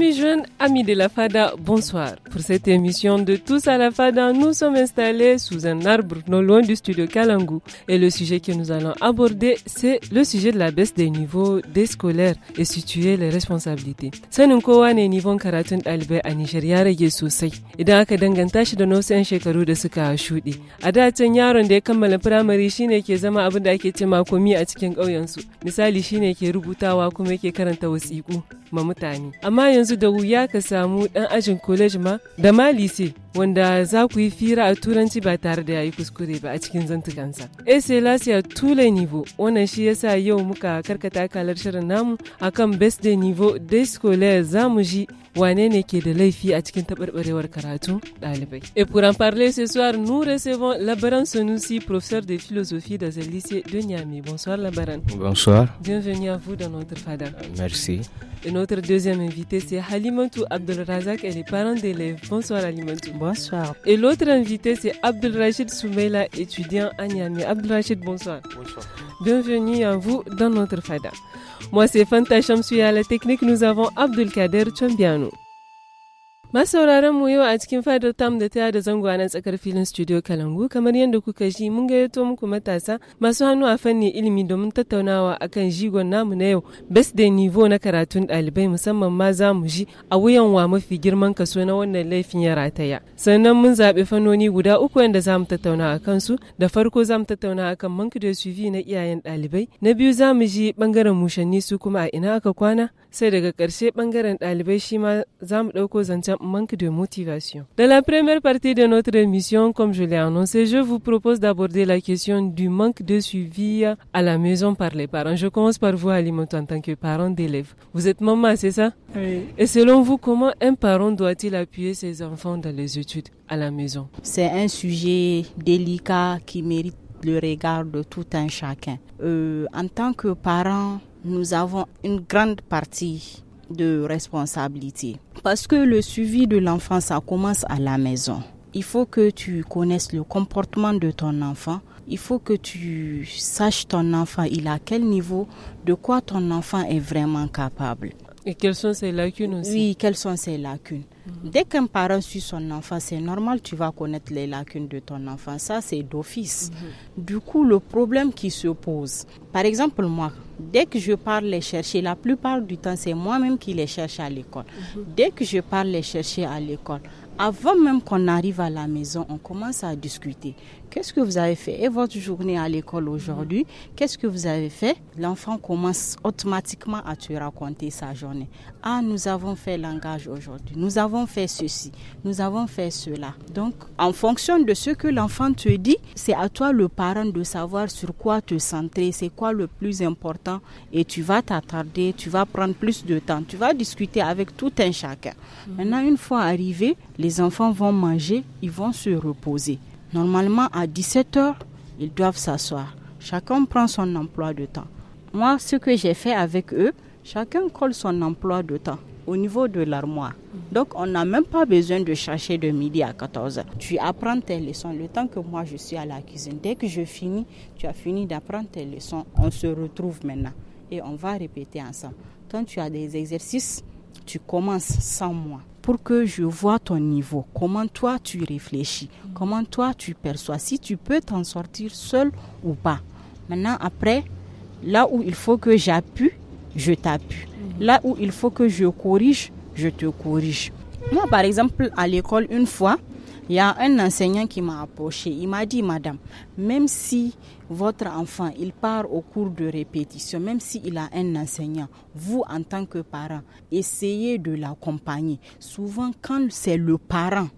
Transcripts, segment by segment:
Amis jeunes, amis de la FADA, bonsoir. Pour cette émission de Tous à la FADA, nous sommes installés sous un arbre non loin du studio Kalangu. Et le sujet que nous allons aborder, c'est le sujet de la baisse des niveaux des scolaires et situer les responsabilités. Sanin kowa ne karatun albe a Nigeria rage sosai idan aka danganta shi da wasu 'yan shekaru da suka shuɗe. A da can yaron da ya kammala firamare shine ke zama abin da ake ce makomi a cikin ƙauyensu. Misali shine ke rubutawa kuma yake karanta wasiƙu ma mutane. Amma yanzu yanzu da wuya ka samu ɗan ajin college ma da ma lise wanda za ku yi fira a turanci ba tare da yayi kuskure ba a cikin zantukansa. Ese Lasiya Tule Nivo wannan shi yasa yau muka karkata kalar shirin namu akan Best Day Nivo Day Scolaire za mu ji Et pour en parler ce soir, nous recevons Labaran Sonoussi, professeur de philosophie dans un lycée de Niamey. Bonsoir Labaran. Bonsoir. Bienvenue à vous dans notre FADA. Merci. Et notre deuxième invité, c'est Halimantou Abdelrazak, elle est parent d'élèves. Bonsoir Halimantou. Bonsoir. Et l'autre invité, c'est Abdelrachid Soumeila, étudiant à Niamey. Abdelrachid, bonsoir. Bonsoir. Bienvenue à vous dans notre FADA. Moi, c'est Fanta suis à la technique. Nous avons Abdelkader Chambianou. masu Masauraran mu yau a cikin fadar tam da taya da zango nan tsakar filin studio Kalangu kamar yadda kuka ji mun gayyato muku matasa masu hannu a fanni ilimi domin tattaunawa akan jigon namu na yau best day nivo na karatun dalibai musamman ma za mu ji a wuyan wa mafi girman kaso na wannan laifin ya rataya. Sannan mun zaɓi fannoni guda uku yadda za mu tattauna a kansu da farko za mu tattauna akan manku da suvi na iyayen dalibai na biyu za mu ji bangaren mushanni su kuma a ina aka kwana manque de motivation. Dans la première partie de notre émission, comme je l'ai annoncé, je vous propose d'aborder la question du manque de suivi à la maison par les parents. Je commence par vous, Alimoto, en tant que parent d'élève. Vous êtes maman, c'est ça Oui. Et selon vous, comment un parent doit-il appuyer ses enfants dans les études à la maison C'est un sujet délicat qui mérite le regard de tout un chacun. Euh, en tant que parent, nous avons une grande partie de responsabilité. Parce que le suivi de l'enfant, ça commence à la maison. Il faut que tu connaisses le comportement de ton enfant. Il faut que tu saches ton enfant, il a quel niveau, de quoi ton enfant est vraiment capable. Et quelles sont ses lacunes aussi Oui, quelles sont ses lacunes mhm. Dès qu'un parent suit son enfant, c'est normal, tu vas connaître les lacunes de ton enfant. Ça, c'est d'office. Mhm. Du coup, le problème qui se pose, par exemple, moi, Dès que je pars les chercher, la plupart du temps, c'est moi-même qui les cherche à l'école. Mhm. Dès que je pars les chercher à l'école, avant même qu'on arrive à la maison, on commence à discuter. Qu'est-ce que vous avez fait Et votre journée à l'école aujourd'hui, qu'est-ce que vous avez fait L'enfant commence automatiquement à te raconter sa journée. Ah, nous avons fait langage aujourd'hui. Nous avons fait ceci. Nous avons fait cela. Donc, en fonction de ce que l'enfant te dit, c'est à toi le parent de savoir sur quoi te centrer, c'est quoi le plus important. Et tu vas t'attarder, tu vas prendre plus de temps, tu vas discuter avec tout un chacun. Mhm. Maintenant, une fois arrivé, les enfants vont manger, ils vont se reposer. Normalement, à 17h, ils doivent s'asseoir. Chacun prend son emploi de temps. Moi, ce que j'ai fait avec eux, chacun colle son emploi de temps au niveau de l'armoire. Donc, on n'a même pas besoin de chercher de midi à 14h. Tu apprends tes leçons. Le temps que moi, je suis à la cuisine, dès que je finis, tu as fini d'apprendre tes leçons. On se retrouve maintenant et on va répéter ensemble. Quand tu as des exercices, tu commences sans moi pour que je vois ton niveau, comment toi tu réfléchis, mm. comment toi tu perçois, si tu peux t'en sortir seul ou pas. Maintenant, après, là où il faut que j'appuie, je t'appuie. Mm. Là où il faut que je corrige, je te corrige. Moi, par exemple, à l'école, une fois, il y a un enseignant qui m'a approché. Il m'a dit, Madame, même si votre enfant, il part au cours de répétition, même s'il a un enseignant, vous, en tant que parent, essayez de l'accompagner. Souvent, quand c'est le parent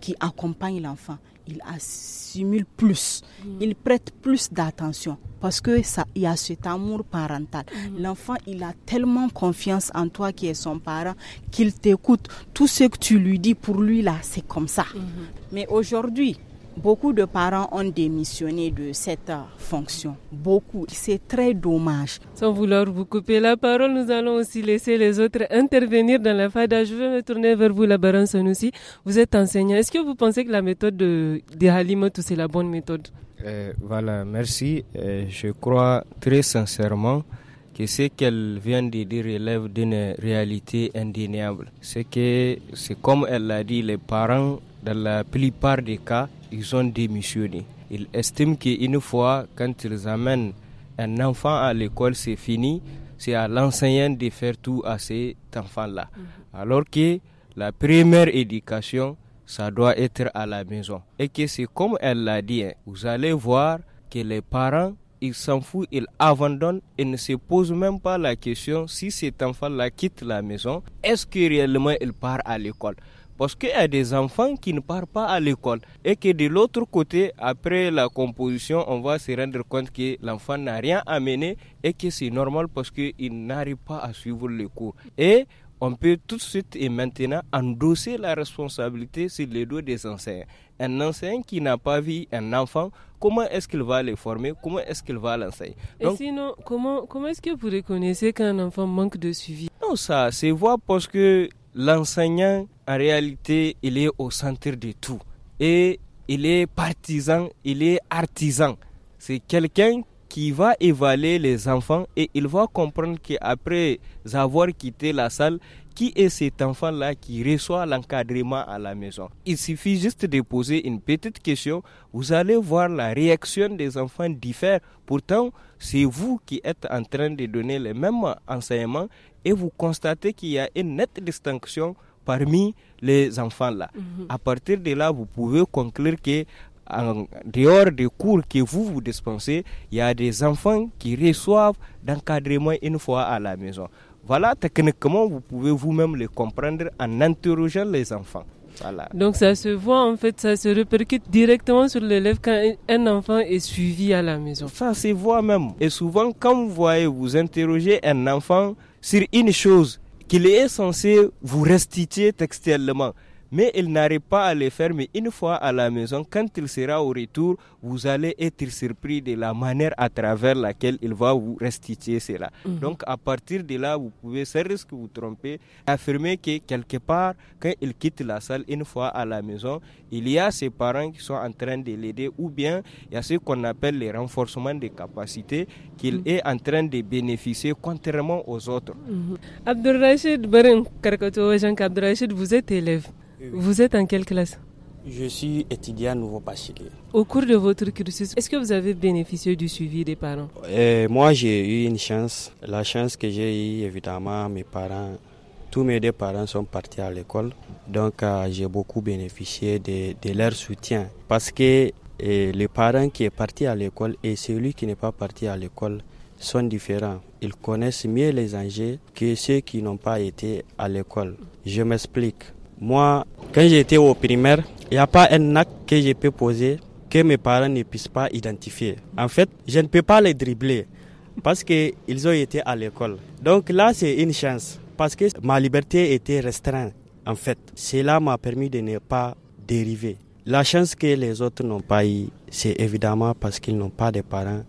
qui accompagne l'enfant, il assimile plus, mm. il prête plus d'attention parce que ça, il y a cet amour parental. Mm. L'enfant, il a tellement confiance en toi qui es son parent qu'il t'écoute. Tout ce que tu lui dis pour lui là, c'est comme ça. Mm-hmm. Mais aujourd'hui, Beaucoup de parents ont démissionné de cette fonction. Beaucoup. C'est très dommage. Sans vouloir vous couper la parole, nous allons aussi laisser les autres intervenir dans la FADA. Je vais me tourner vers vous, la baronne Sonoussi. Vous êtes enseignant. Est-ce que vous pensez que la méthode de, Halimoto, c'est la bonne méthode euh, Voilà, merci. Euh, je crois très sincèrement que ce qu'elle vient de dire relève d'une réalité indéniable. que, c'est comme elle l'a dit, les parents, dans la plupart des cas, ils ont démissionné. Ils estiment qu'une fois, quand ils amènent un enfant à l'école, c'est fini, c'est à l'enseignant de faire tout à cet enfant-là. Mhm. Alors que la première éducation, ça doit être à la maison. Et que c'est comme elle l'a dit, hein, vous allez voir que les parents ils s'en foutent, ils abandonnent et ne se posent même pas la question si cet enfant-là quitte la maison, est-ce que réellement il part à l'école parce qu'il y a des enfants qui ne partent pas à l'école et que de l'autre côté, après la composition, on va se rendre compte que l'enfant n'a rien amené et que c'est normal parce qu'il n'arrive pas à suivre le cours. Et on peut tout de suite et maintenant endosser la responsabilité sur les doigts des enseignants. Un enseignant qui n'a pas vu un enfant, comment est-ce qu'il va le former Comment est-ce qu'il va l'enseigner Et sinon, comment, comment est-ce que vous reconnaissez qu'un enfant manque de suivi Non, ça c'est voir parce que l'enseignant en réalité, il est au centre de tout. Et il est partisan, il est artisan. C'est quelqu'un qui va évaluer les enfants et il va comprendre qu'après avoir quitté la salle, qui est cet enfant-là qui reçoit l'encadrement à la maison Il suffit juste de poser une petite question, vous allez voir la réaction des enfants diffère. Pourtant, c'est vous qui êtes en train de donner les mêmes enseignements et vous constatez qu'il y a une nette distinction parmi les enfants là. Mhm. À partir de là, vous pouvez conclure que dehors des cours que vous vous dispensez, il y a des enfants qui reçoivent d'encadrement une fois à la maison. Voilà, techniquement, vous pouvez vous-même les comprendre en interrogeant les enfants. Voilà. Donc ça se voit en fait, ça se répercute directement sur l'élève quand un enfant est suivi à la maison. Ça se voit même. Et souvent, quand vous voyez, vous interroger un enfant sur une chose, qu'il est censé vous restituer textuellement mais il n'arrive pas à les faire. Mais une fois à la maison, quand il sera au retour, vous allez être surpris de la manière à travers laquelle il va vous restituer cela. Mhm. Donc à partir de là, vous pouvez, sans risque vous tromper, affirmer que quelque part, quand il quitte la salle une fois à la maison, il y a ses parents qui sont en train de l'aider ou bien il y a ce qu'on appelle les renforcements des capacités qu'il mhm. est en train de bénéficier contrairement aux autres. Mmh. vous êtes élève. Vous êtes en quelle classe Je suis étudiant nouveau bachelier. Au cours de votre cursus, est-ce que vous avez bénéficié du suivi des parents euh, Moi, j'ai eu une chance. La chance que j'ai eue, évidemment, mes parents tous mes deux parents sont partis à l'école, donc euh, j'ai beaucoup bénéficié de, leur soutien. Parce que euh, les parents qui est parti à l'école et celui qui n'est pas parti à l'école sont différents. Ils connaissent mieux les enjeux que ceux qui n'ont pas été à l'école. Je m'explique. Moi, quand j'étais au primaire, il n'y a pas un acte que je peux poser que mes parents ne puissent pas identifier. En fait, je ne peux pas les dribbler parce qu'ils ont été à l'école. Donc là, c'est une chance parce que ma liberté était restreinte. En fait, cela m'a permis de ne pas dériver. La chance que les autres n'ont pas eu, c'est évidemment parce qu'ils n'ont pas de parents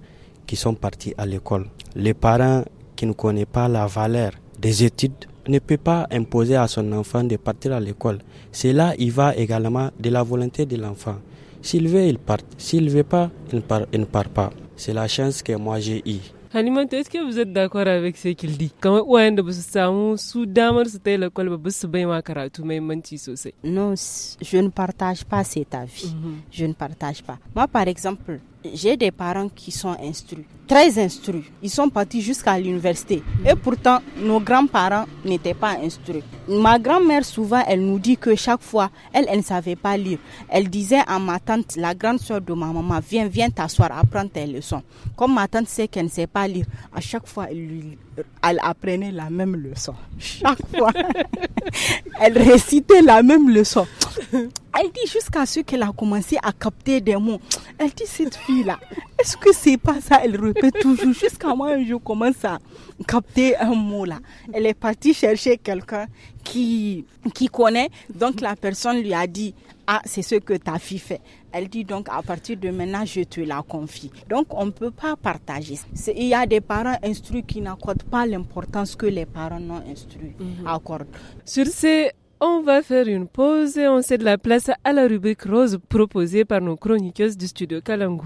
qui sont partis à l'école. Les parents qui ne connaissent pas la valeur des études ne peut pas imposer à son enfant de partir à l'école. Cela y va également de la volonté de l'enfant. S'il veut, il part. S'il ne veut pas, il ne part, pas. C'est la chance que moi j'ai eue. Hanimanta, est-ce que vous êtes d'accord avec ce qu'il dit Quand Non, je ne partage pas cet avis. Mhm. Je ne partage pas. Moi par exemple, j'ai des parents qui sont instruits, très instruits. Ils sont partis jusqu'à l'université. Et pourtant, nos grands-parents n'étaient pas instruits. Ma grand-mère, souvent, elle nous dit que chaque fois, elle, ne savait pas lire. Elle disait à ma tante, la grande soeur de ma maman, viens, viens t'asseoir, apprends tes leçons. Comme ma tante sait qu'elle ne sait pas lire, à chaque fois, elle lui elle apprenait la même leçon. Chaque fois, elle récitait la même leçon. Elle dit jusqu'à ce qu'elle a commencé à capter des mots. Elle dit, cette fille-là, est-ce que c'est pas ça Elle répète toujours jusqu'à moi, je commence à capter un mot là. Elle est partie chercher quelqu'un qui, qui connaît. Donc la personne lui a dit, ah, c'est ce que ta fille fait. Elle dit donc à partir de maintenant, je te la confie. Donc on ne peut pas partager. Il y a des parents instruits qui n'accordent pas l'importance que les parents non instruits mhm. accordent. Sur ces on va faire une pause et on cède la place à la rubrique rose proposée par nos chroniqueuses du studio Kalangu.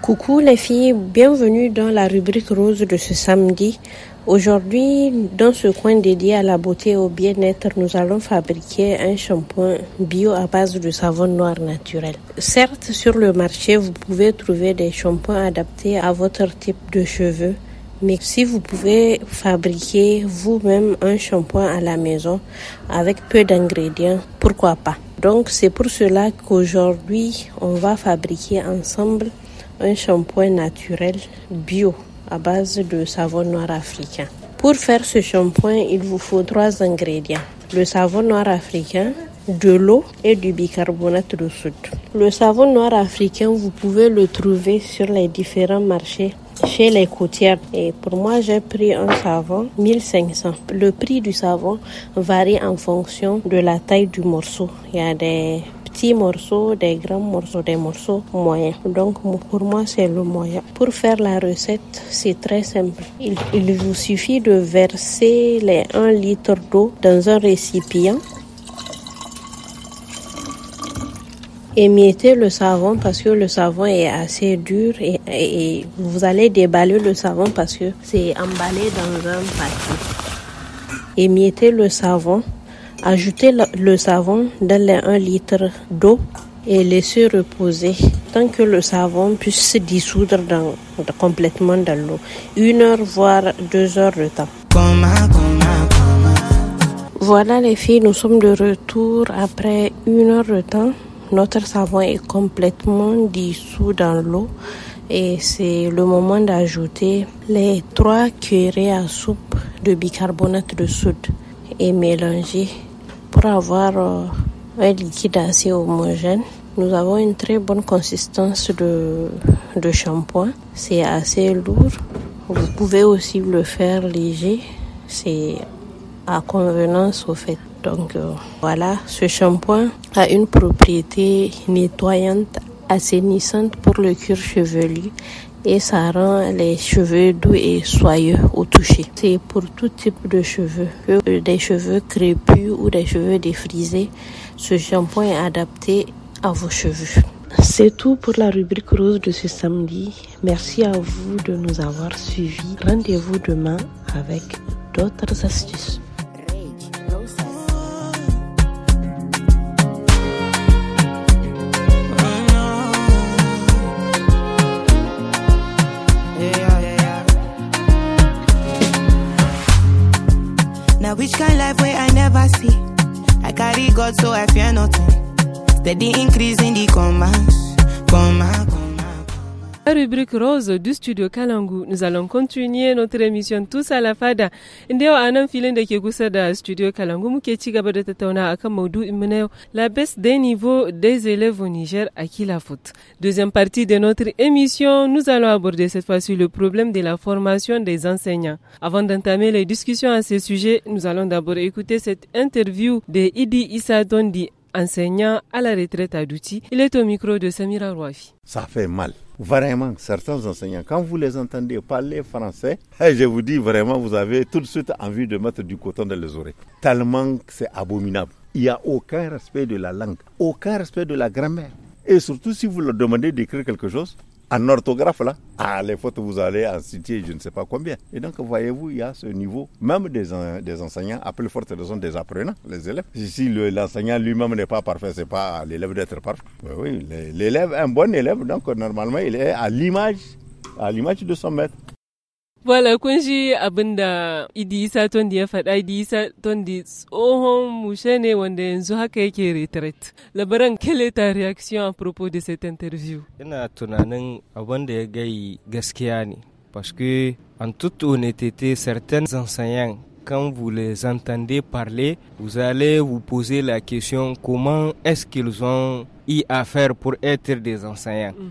Coucou les filles, bienvenue dans la rubrique rose de ce samedi. Aujourd'hui, dans ce coin dédié à la beauté et au bien-être, nous allons fabriquer un shampoing bio à base de savon noir naturel. Certes, sur le marché, vous pouvez trouver des shampoings adaptés à votre type de cheveux, mais si vous pouvez fabriquer vous-même un shampoing à la maison avec peu d'ingrédients, pourquoi pas donc c'est pour cela qu'aujourd'hui, on va fabriquer ensemble un shampoing naturel bio à base de savon noir africain. Pour faire ce shampoing, il vous faut trois ingrédients. Le savon noir africain, de l'eau et du bicarbonate de soude. Le savon noir africain, vous pouvez le trouver sur les différents marchés chez les coutières. Et pour moi, j'ai pris un savon 1500. Le prix du savon varie en fonction de la taille du morceau. Il y a des petits morceaux, des grands morceaux, des morceaux moyens. Donc pour moi, c'est le moyen. Pour faire la recette, c'est très simple. Il, il vous suffit de verser les 1 litre d'eau dans un récipient émiettez le savon parce que le savon est assez dur et, vous allez déballer le savon parce que c'est emballé dans un paquet. Émiettez le savon, ajoutez le, savon dans les 1 litre d'eau et laissez reposer tant que le savon puisse se dissoudre dans, complètement dans l'eau. Une heure voire deux heures de temps. Voilà les filles, nous sommes de retour après une heure de temps notre savon est complètement dissous dans l'eau et c'est le moment d'ajouter les trois cuillerées à soupe de bicarbonate de soude et mélanger pour avoir euh, un liquide assez homogène. Nous avons une très bonne consistance de, de shampoing. C'est assez lourd. Vous pouvez aussi le faire léger. C'est à convenance au fait. Donc euh, voilà, ce shampoing a une propriété nettoyante, assainissante pour le cuir chevelu et ça rend les cheveux doux et soyeux au toucher. C'est pour tout type de cheveux, des cheveux crépus ou des cheveux défrisés. Ce shampoing est adapté à vos cheveux. C'est tout pour la rubrique rose de ce samedi. Merci à vous de nous avoir suivis. Rendez-vous demain avec d'autres astuces. I carry God, so I fear nothing. Steady increase in the commas, comma, rubrique rose du studio Kalangu. Nous allons continuer notre émission tous à la fada. anan filin da studio Kalangu muke da tattauna akan la baisse des niveaux des élèves au Niger à qui la faute. Deuxième partie de notre émission, nous allons aborder cette fois-ci le problème de la formation des enseignants. Avant d'entamer les discussions à ce sujet, nous allons d'abord écouter cette interview de Idi Issa Dondi, enseignant à la retraite à Douti. Il est au micro de Samira Rouafi. Ça fait mal. Vraiment, certains enseignants, quand vous les entendez parler français, eh, je vous dis vraiment, vous avez tout de suite envie de mettre du coton dans les oreilles. Tellement c'est abominable. Il n'y a aucun respect de la langue, aucun respect de la grammaire. Et surtout, si vous leur demandez d'écrire quelque chose, en orthographe là, ah, les fautes vous allez en citer je ne sais pas combien. Et donc voyez-vous, il y a ce niveau, même des, des enseignants, à plus forte raison des apprenants, les élèves. Si, l'enseignant lui-même n'est pas parfait, c'est pas l'élève d'être parfait. oui, l'élève, un bon élève, donc normalement il est à l'image, à l'image de son maître. Voilà, kun shi abin da Idi Tondi ya faɗa, Idi Tondi tsohon mushe ne wanda yanzu haka yake retret. Labaran kele ta reaction a propos de cette interview. Ina tunanin abin da ya gai gaskiya ne, parce que en toute honnêteté, certains enseignants quand vous les entendez parler, vous allez vous poser la question comment est-ce qu'ils ont eu à faire pour être des enseignants. Mhm.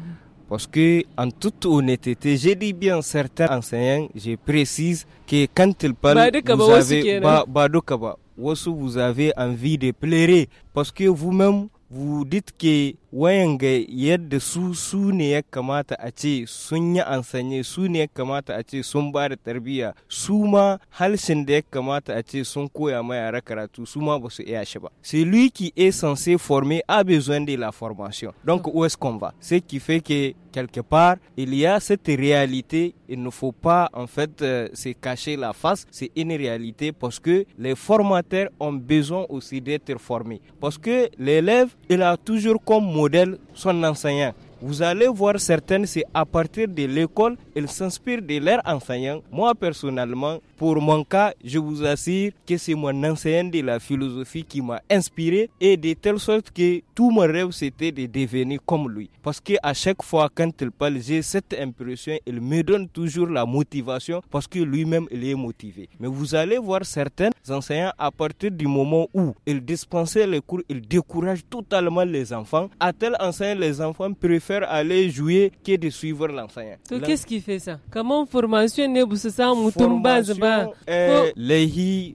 Parce que, en toute honnêteté, j'ai dit bien certains enseignants, je précise que quand ils parlent, vous avez, vous avez envie de pleurer. Parce que vous-même, vous dites que su c'est lui qui est censé former a besoin de la formation donc où est-ce qu'on va ce qui fait que quelque part il y a cette réalité il ne faut pas en fait euh, se cacher la face c'est une réalité parce que les formateurs ont besoin aussi d'être formés parce que l'élève il a toujours comme modèle son enseignant. Vous allez voir certaines, c'est à partir de l'école, elles s'inspirent de leurs enseignants. Moi, personnellement, pour mon cas, je vous assure que c'est mon enseignant de la philosophie qui m'a inspiré et de telle sorte que tout mon rêve, c'était de devenir comme lui. Parce que à chaque fois, quand il parle, j'ai cette impression, il me donne toujours la motivation parce que lui-même, il est motivé. Mais vous allez voir certains enseignants à partir du moment où ils dispensaient les cours, ils découragent totalement les enfants. À tel enseignant, les enfants préfèrent aller jouer que de suivre l'enseignant. qu'est-ce qui fait ça Comment formation ne bah?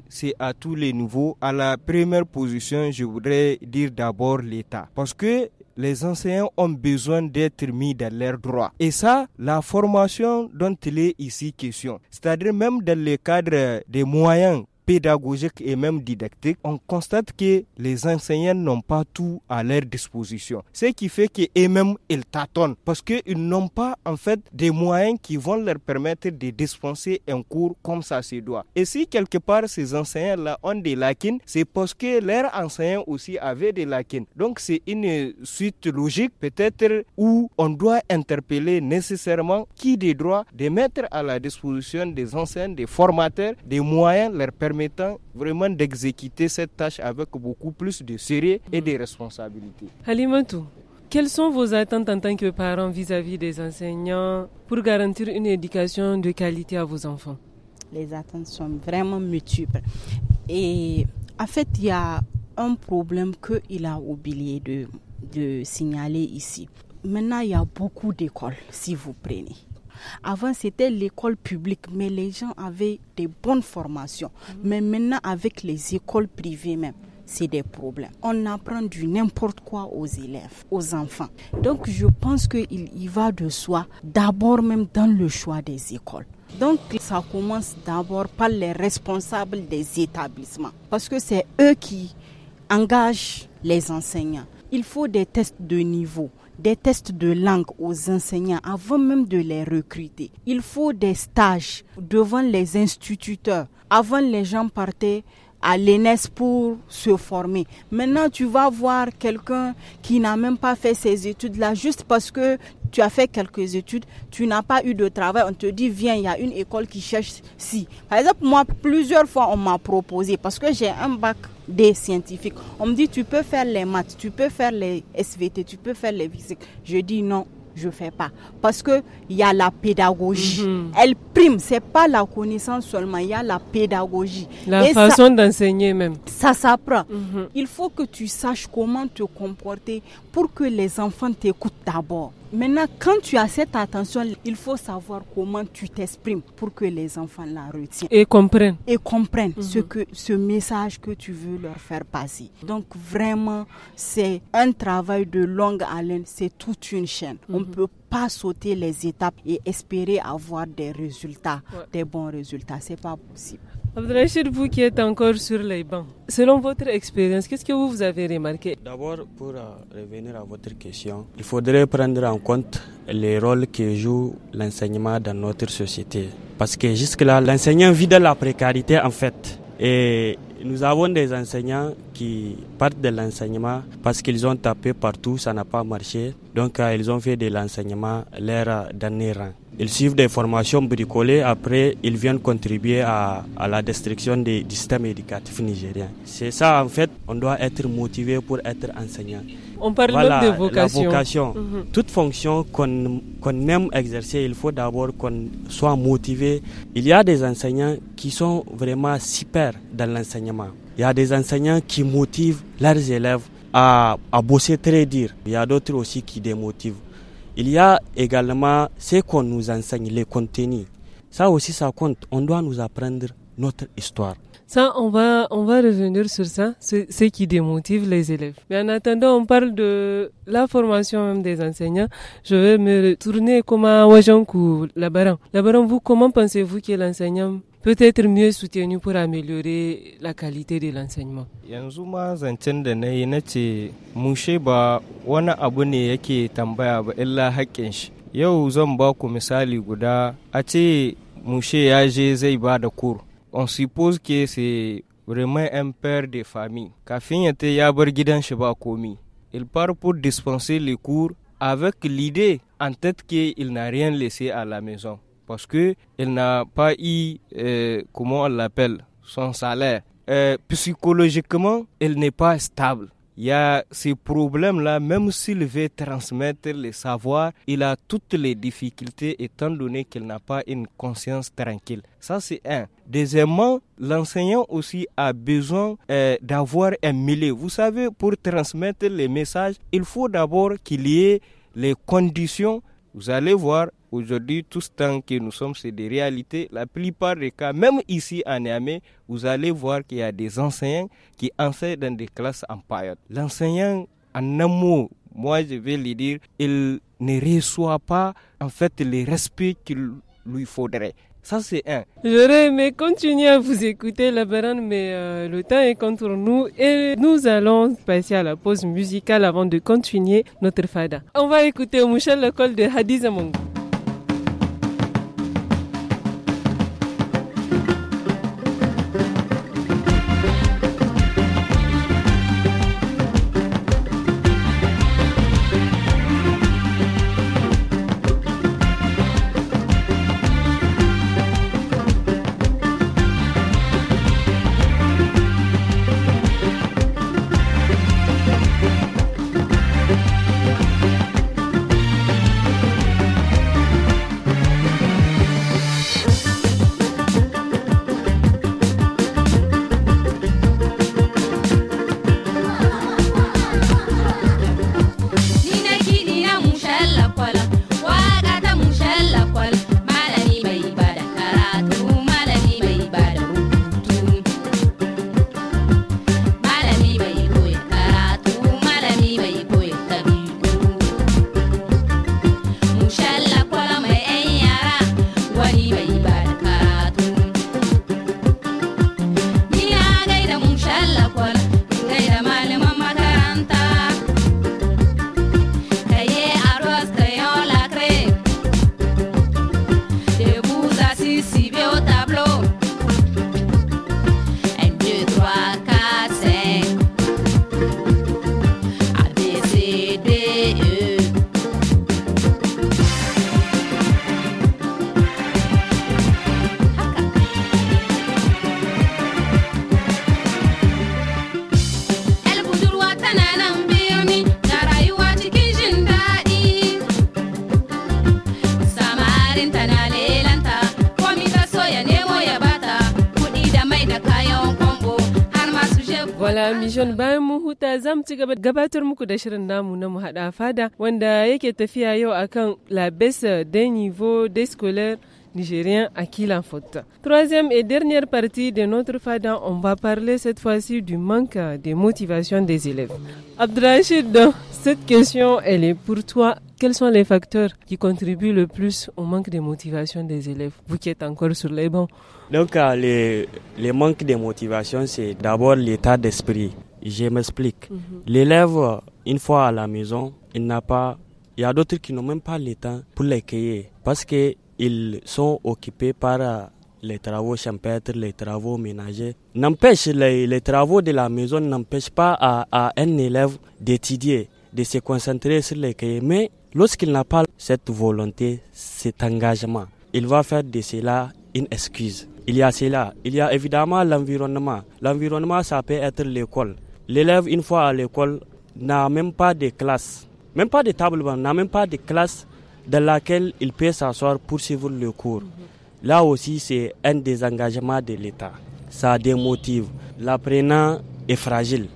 c'est à tous les niveaux. À la première position, je voudrais dire d'abord l'État, parce que les enseignants ont besoin d'être mis dans leurs droits. Et ça, la formation dont il est ici question, c'est-à-dire même dans le cadre des moyens pédagogique et même didactique, on constate que les enseignants n'ont pas tout à leur disposition. Ce qui fait qu'eux-mêmes, ils tâtonnent parce qu'ils n'ont pas en fait des moyens qui vont leur permettre de dispenser un cours comme ça se doit. Et si quelque part ces enseignants-là ont des lacunes, c'est parce que leurs enseignants aussi avaient des lacunes. Donc c'est une suite logique peut-être où on doit interpeller nécessairement qui des droits de mettre à la disposition des enseignants, des formateurs, des moyens leur permettant permettant vraiment d'exécuter cette tâche avec beaucoup plus de sérieux et de responsabilité. Alimentou, quelles sont vos attentes en tant que parent vis-à-vis des enseignants pour garantir une éducation de qualité à vos enfants Les attentes sont vraiment multiples. Et en fait, il y a un problème qu'il a oublié de, de signaler ici. Maintenant, il y a beaucoup d'écoles, si vous prenez. Avant, c'était l'école publique, mais les gens avaient des bonnes formations. Mhm. Mais maintenant, avec les écoles privées même, c'est des problèmes. On apprend du n'importe quoi aux élèves, aux enfants. Donc je pense qu'il y va de soi, d'abord même dans le choix des écoles. Donc ça commence d'abord par les responsables des établissements, parce que c'est eux qui engagent les enseignants. Il faut des tests de niveau des tests de langue aux enseignants avant même de les recruter. Il faut des stages devant les instituteurs avant les gens partaient à l'ENES pour se former. Maintenant, tu vas voir quelqu'un qui n'a même pas fait ses études-là juste parce que tu as fait quelques études, tu n'as pas eu de travail, on te dit viens, il y a une école qui cherche si. Par exemple, moi, plusieurs fois, on m'a proposé parce que j'ai un bac des scientifiques. On me dit, tu peux faire les maths, tu peux faire les SVT, tu peux faire les physiques. Je dis non, je fais pas. Parce que y a la pédagogie. Mhm. Elle prime. C'est pas la connaissance seulement, il y a la pédagogie. La façon d'enseigner même. Ça s'apprend. Mhm. Il faut que tu saches comment te comporter pour que les enfants t'écoutent d'abord. Maintenant, quand tu as cette attention, il faut savoir comment tu t'exprimes pour que les enfants la retiennent. Et comprennent. Et comprennent ce, mhm. que, ce message que tu veux leur faire passer. Donc, vraiment, c'est un travail de longue haleine, c'est toute une chaîne. On ne mhm. peut pas sauter les étapes et espérer avoir des résultats, des bons résultats. n'est pas possible. Abdelachir, vous qui êtes encore sur les bancs, selon votre expérience, qu'est-ce que vous, avez remarqué D'abord, pour euh, revenir à votre question, il faudrait prendre en compte les rôles que joue l'enseignement dans notre société. Parce que jusque-là, l'enseignant vit de la précarité en fait. Et nous avons des enseignants qui partent de l'enseignement parce qu'ils ont tapé partout, ça n'a pas marché. Donc, euh, ils ont fait de l'enseignement leur euh, dernier ils suivent des formations bricolées, après ils viennent contribuer à, la destruction des, du système éducatif nigérien. C'est ça en fait, on doit être motivé pour être enseignant. On parle de vocation. Mhm. Toute fonction qu'on aime exercer, il faut d'abord qu'on soit motivé. Il y a des enseignants qui sont vraiment super dans l'enseignement. Il y a des enseignants qui motivent leurs élèves à, à bosser très dur. Il y a d'autres aussi qui démotivent. Il y a également ce qu'on nous enseigne, les contenus. Ça aussi, ça compte. On doit nous apprendre notre histoire. Ça, on va, on va revenir sur ça, ce qui démotive les élèves. Mais en attendant, on parle de la formation même des enseignants. Je vais me retourner comme à Wajankou, Labaran. Labaran, vous, comment pensez-vous que l'enseignant peut être mieux soutenu pour améliorer la qualité de l'enseignement? Yanzu ma zancen da na yi na ce, mushe ba wani abu ne yake tambaya ba illa haƙƙin shi. Yau zan ba ku misali guda, a ce mushe ya je zai on suppose que c'est vraiment un père de famille. Kafin était Il part pour dispenser les cours avec l'idée en tête qu'il n'a rien laissé à la maison parce que il n'a pas eu, euh, comment on l'appelle, son salaire. Euh, psychologiquement, il n'est pas stable il y a ces problèmes-là, même s'il veut transmettre les savoir, il a toutes les difficultés étant donné qu'il n'a pas une conscience tranquille. Ça, c'est un. Deuxièmement, l'enseignant aussi a besoin euh, d'avoir un milieu. Vous savez, pour transmettre les messages, il faut d'abord qu'il y ait les conditions. Vous allez voir, Aujourd'hui, tout ce temps que nous sommes, c'est des réalités. La plupart des cas, même ici à Niamey, vous allez voir qu'il y a des enseignants qui enseignent dans des classes en période. L'enseignant, en un mot, moi je vais lui dire, il ne reçoit pas en fait le respect qu'il lui faudrait. Ça, c'est un. J'aurais aimé continuer à vous écouter, la baronne, mais euh, le temps est contre nous et nous allons passer à la pause musicale avant de continuer notre fada. On va écouter Mouchel l'école de Hadiza Amongou. gabatar muku da shirin namu na wanda yake la baisse des niveaux des scolaires nigériens à qui la faute. Troisième et dernière partie de notre fada, on va parler cette fois-ci du manque de motivation des élèves. Abdrachid, cette question, elle est pour toi. Quels sont les facteurs qui contribuent le plus au manque de motivation des élèves, vous qui êtes encore sur les bancs Donc, manque euh, les manques de motivation, c'est d'abord l'état d'esprit. Je m'explique. Mhm. L'élève, une fois à la maison, il n'a pas. Il y a d'autres qui n'ont même pas le temps pour cueillir parce qu'ils sont occupés par euh, les travaux champêtres, les travaux ménagers. N'empêche, les, travaux de la maison n'empêchent pas à, un élève d'étudier, de se concentrer sur les Mais lorsqu'il n'a pas cette volonté, cet engagement, il va faire de cela une excuse. Il y a cela. Il y a évidemment l'environnement. L'environnement, ça peut être l'école. L'élève, une fois à l'école, n'a même pas de classe, même pas de table, n'a même pas de classe dans laquelle il peut s'asseoir pour suivre le cours. Là aussi, c'est un désengagement de l'État. Ça démotive. L'apprenant est fragile.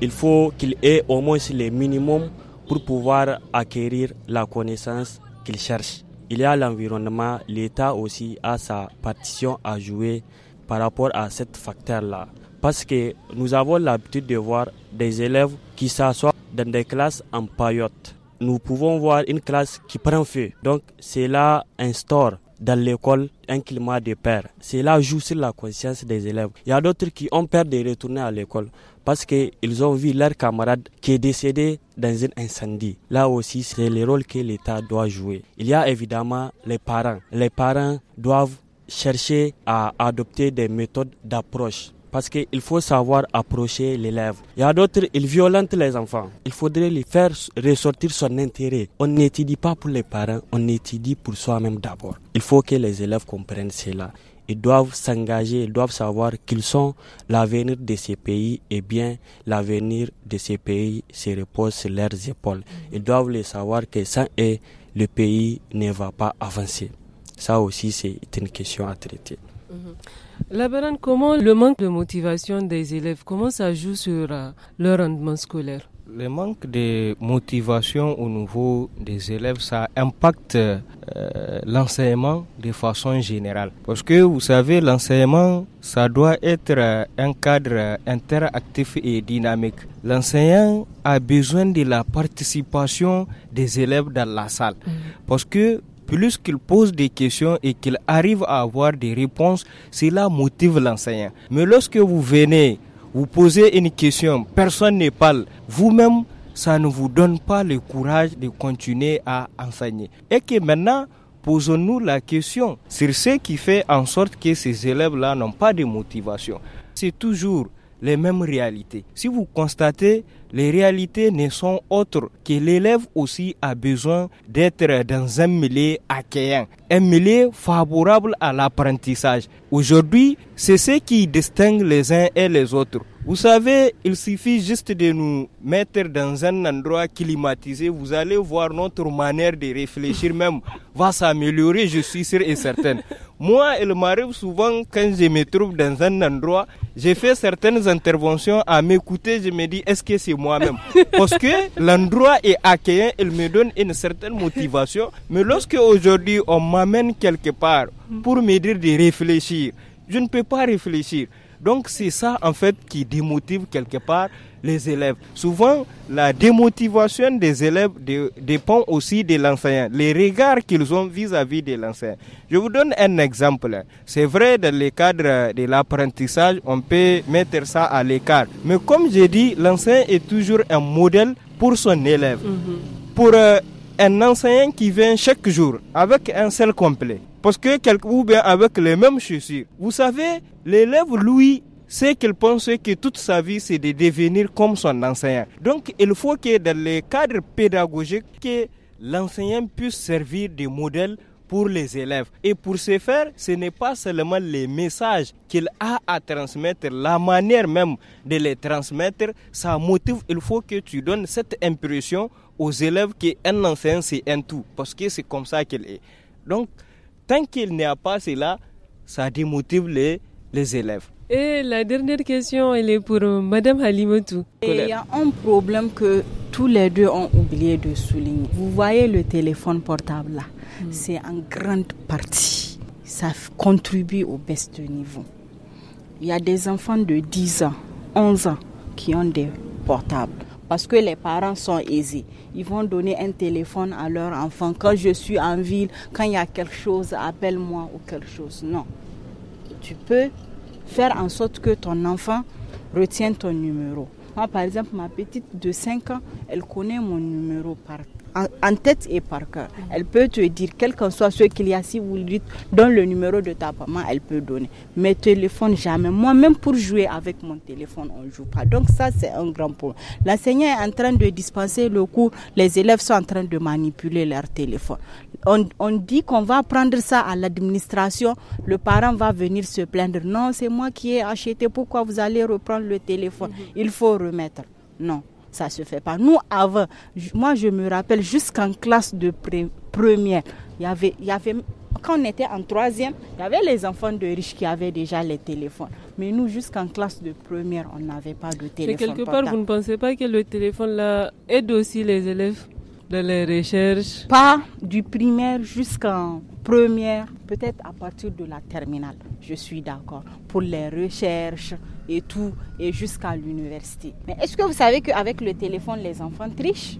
Il faut qu'il ait au moins le minimum pour pouvoir acquérir la connaissance qu'il cherche. Il y a l'environnement, l'État aussi a sa partition à jouer par rapport à cet facteur-là parce que nous avons l'habitude de voir des élèves qui s'assoient dans des classes en paillotte. Nous pouvons voir une classe qui prend feu. Donc cela instaure dans l'école un climat de peur. Cela joue sur la conscience des élèves. Il y a d'autres qui ont peur de retourner à l'école parce qu'ils ont vu leur camarade qui est décédé dans un incendie. Là aussi, c'est le rôle que l'État doit jouer. Il y a évidemment les parents. Les parents doivent chercher à adopter des méthodes d'approche parce qu'il faut savoir approcher l'élève. Il y a d'autres, ils violentent les enfants. Il faudrait les faire ressortir son intérêt. On n'étudie pas pour les parents, on étudie pour soi-même d'abord. Il faut que les élèves comprennent cela. Ils doivent s'engager, ils doivent savoir qu'ils sont l'avenir de ces pays et bien l'avenir de ces pays se repose sur leurs épaules. Ils doivent le savoir que sans eux, le pays ne va pas avancer. Ça aussi, c'est une question à traiter. La mhm. Labaran, comment le manque de motivation des élèves, comment ça joue sur le euh, leur rendement scolaire le manque de motivation au niveau des élèves, ça impacte euh, l'enseignement de façon générale. Parce que vous savez, l'enseignement, ça doit être euh, un cadre interactif et dynamique. L'enseignant a besoin de la participation des élèves dans la salle. Mhm. Parce que plus qu'il pose des questions et qu'il arrive à avoir des réponses, cela motive l'enseignant. Mais lorsque vous venez, vous posez une question, personne ne parle, vous-même, ça ne vous donne pas le courage de continuer à enseigner. Et que maintenant, posons-nous la question sur ce qui fait en sorte que ces élèves-là n'ont pas de motivation. C'est toujours les mêmes réalités. Si vous constatez, les réalités ne sont autres que l'élève aussi a besoin d'être dans un milieu accueillant, un milieu favorable à l'apprentissage. Aujourd'hui, c'est ce qui distingue les uns et les autres. Vous savez, il suffit juste de nous mettre dans un endroit climatisé. Vous allez voir notre manière de réfléchir même va s'améliorer, je suis sûr et certain. Moi, il m'arrive souvent quand je me trouve dans un endroit, j'ai fait certaines interventions à m'écouter, je me dis, est-ce que c'est moi-même. Parce que l'endroit est accueillant, il me donne une certaine motivation. Mais lorsque aujourd'hui on m'amène quelque part pour me dire de réfléchir, je ne peux pas réfléchir. Donc c'est ça en fait qui démotive quelque part les élèves. Souvent, la démotivation des élèves dépend aussi de l'enseignant, les regards qu'ils ont vis-à-vis de l'enseignant. Je vous donne un exemple. C'est vrai, dans le cadre de l'apprentissage, on peut mettre ça à l'écart. Mais comme j'ai dit, l'enseignant est toujours un modèle pour son élève. Mhm. Pour euh, un enseignant qui vient chaque jour avec un seul complet, parce que ou bien avec les mêmes chaussures. Vous savez, l'élève, lui, c'est qu'il pense, que toute sa vie, c'est de devenir comme son enseignant. Donc, il faut que dans le cadre pédagogique, que l'enseignant puisse servir de modèle pour les élèves. Et pour ce faire, ce n'est pas seulement les messages qu'il a à transmettre, la manière même de les transmettre, ça motive. Il faut que tu donnes cette impression aux élèves qu'un enseignant, c'est un tout, parce que c'est comme ça qu'il est. Donc, tant qu'il n'y a pas cela, ça démotive les, les élèves. Et la dernière question, elle est pour euh, Madame Halimotou. il y a un problème que tous les deux ont oublié de souligner. Vous voyez le téléphone portable là, hmm. c'est en grande partie. Ça contribue au best niveau. Il y a des enfants de 10 ans, 11 ans qui ont des portables. Parce que les parents sont aisés. Ils vont donner un téléphone à leur enfant. Quand je suis en ville, quand il y a quelque chose, appelle-moi ou quelque chose. Non. Tu peux faire en sorte que ton enfant retienne ton numéro. Moi, par exemple, ma petite de 5 ans, elle connaît mon numéro par en, tête et par cœur. Elle peut te dire, quel qu'en soit ce qu'il y a, si vous lui dites, donne le numéro de ta maman, elle peut donner. Mais téléphone, jamais. Moi, même pour jouer avec mon téléphone, on ne joue pas. Donc ça, c'est un grand point. L'enseignant est en train de dispenser le cours, les élèves sont en train de manipuler leur téléphone. On, on dit qu'on va prendre ça à l'administration, le parent va venir se plaindre. Non, c'est moi qui ai acheté, pourquoi vous allez reprendre le téléphone mhm. Il faut remettre. Non, ça se fait pas. Nous, avant, moi, je me rappelle jusqu'en classe de première, il y avait, il y avait quand on était en troisième, il y avait les enfants de riches qui avaient déjà les téléphones. Mais nous, jusqu'en classe de première, on n'avait pas de téléphone. Mais quelque part, vous ne pensez pas que le téléphone là aide aussi les élèves dans les recherches Pas du primaire jusqu'en première, peut-être à partir de la terminale, je suis d'accord, pour les recherches et tout, et jusqu'à l'université. Mais est-ce que vous savez qu'avec le téléphone, les enfants trichent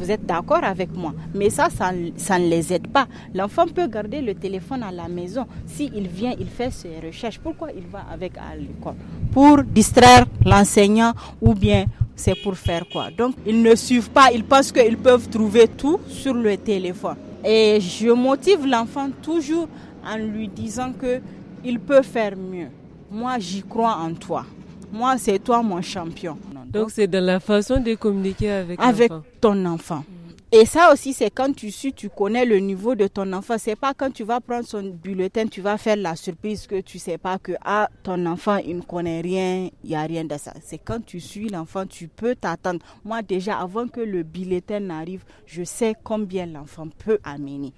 vous êtes d'accord avec moi. Mais ça, ça, ça, ne les aide pas. L'enfant peut garder le téléphone à la maison. S'il vient, il fait ses recherches. Pourquoi il va avec à l'école Pour distraire l'enseignant ou bien c'est pour faire quoi Donc, ils ne suivent pas. Ils pensent qu'ils peuvent trouver tout sur le téléphone. Et je motive l'enfant toujours en lui disant que il peut faire mieux. Moi, j'y crois en toi. Moi, c'est toi mon champion. Donc, c'est de la façon de communiquer avec ton enfant. Et ça aussi, c'est quand tu suis, tu connais le niveau de ton enfant. C'est pas quand tu vas prendre son bulletin, tu vas faire la surprise que tu sais pas que ah, ton enfant, il ne connaît rien, il n'y a rien de ça. C'est quand tu suis l'enfant, tu peux t'attendre. Moi, déjà, avant que le bulletin n'arrive, je sais combien l'enfant peut amener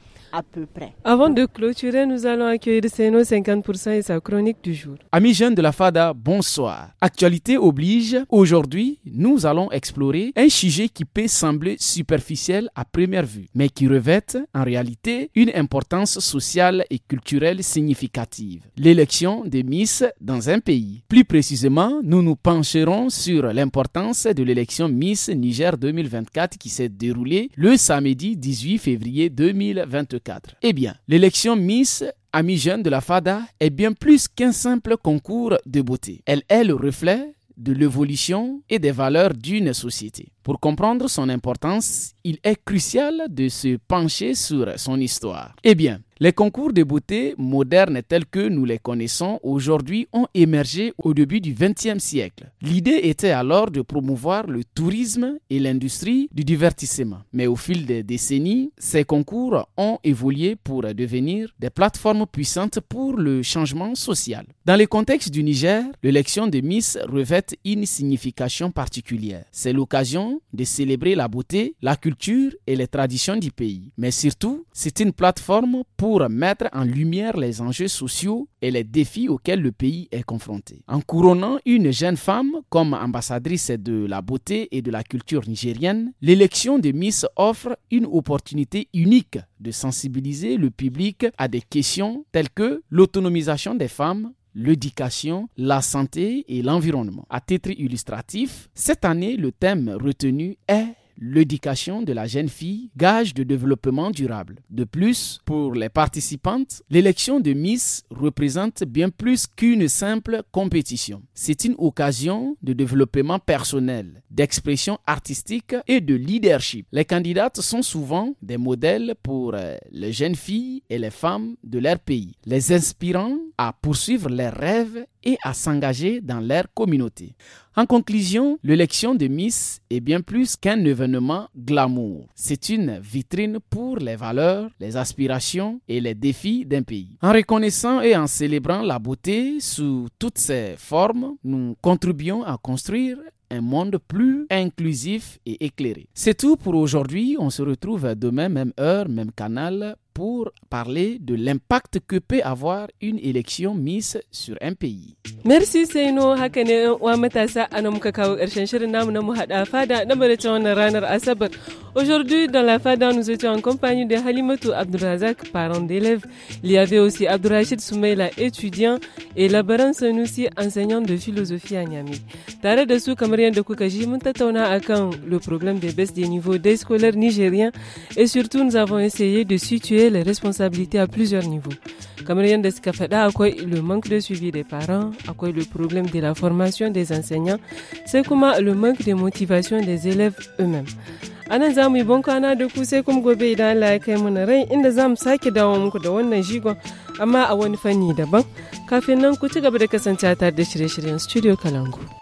peu près. Avant de clôturer, nous allons accueillir Seno 50% et sa chronique du jour. Amis jeunes de la FADA, bonsoir. Actualité oblige, aujourd'hui, nous allons explorer un sujet qui peut sembler superficiel à première vue, mais qui revêt en réalité une importance sociale et culturelle significative. L'élection des Miss dans un pays. Plus précisément, nous nous pencherons sur l'importance de l'élection Miss Niger 2024 qui s'est déroulée le samedi 18 février 2024 eh bien, l'élection Miss Amie Jeune de la FADA est bien plus qu'un simple concours de beauté. Elle est le reflet de l'évolution et des valeurs d'une société. Pour comprendre son importance, il est crucial de se pencher sur son histoire. Eh bien, les concours de beauté modernes tels que nous les connaissons aujourd'hui ont émergé au début du XXe siècle. L'idée était alors de promouvoir le tourisme et l'industrie du divertissement. Mais au fil des décennies, ces concours ont évolué pour devenir des plateformes puissantes pour le changement social. Dans le contexte du Niger, l'élection de Miss revêt une signification particulière. C'est l'occasion de célébrer la beauté, la culture et les traditions du pays. Mais surtout, c'est une plateforme pour mettre en lumière les enjeux sociaux et les défis auxquels le pays est confronté. En couronnant une jeune femme comme ambassadrice de la beauté et de la culture nigérienne, l'élection de Miss offre une opportunité unique de sensibiliser le public à des questions telles que l'autonomisation des femmes, l'éducation, la santé et l'environnement. À titre illustratif, cette année, le thème retenu est l'éducation de la jeune fille, gage de développement durable. De plus, pour les participantes, l'élection de Miss représente bien plus qu'une simple compétition. C'est une occasion de développement personnel, d'expression artistique et de leadership. Les candidates sont souvent des modèles pour euh, les jeunes filles et les femmes de leur pays, les inspirant à poursuivre leurs rêves et à s'engager dans leur communauté. En conclusion, l'élection de Miss est bien plus qu'un événement glamour. C'est une vitrine pour les valeurs, les aspirations et les défis d'un pays. En reconnaissant et en célébrant la beauté sous toutes ses formes, nous contribuons à construire un monde plus inclusif et éclairé. C'est tout pour aujourd'hui. On se retrouve demain, même heure, même canal, pour parler de l'impact que peut avoir une élection mise sur un pays. Merci Seino hakane wa matasa anan muka na mu hada fada na ranar Asabar. Aujourd'hui dans la fada nous étions en compagnie de Halimatu Abdourazak parent d'élèves. Il y avait aussi Abdourachid Soumeila étudiant et Labaran Sanusi enseignant de philosophie à Niamey. Tare da su de Koukaji, kuka ji mun tattauna akan le problème des baisses des niveaux des scolaires nigériens et surtout nous avons essayé de situer distribuer les responsabilités à plusieurs niveaux. Kamar yadda suka à akwai le manque de suivi des parents, akwai le problème de la formation des enseignants, c'est kuma le manque de motivation des élèves eux-mêmes. A nan za mu yi bankwana da ku sai kuma gobe idan Allah ya kai mun na rai inda zamu mu sake dawo muku da wannan jigon amma a wani fanni daban. Kafin nan ku ci gaba da kasancewa tare da shirye-shiryen Studio Kalangu.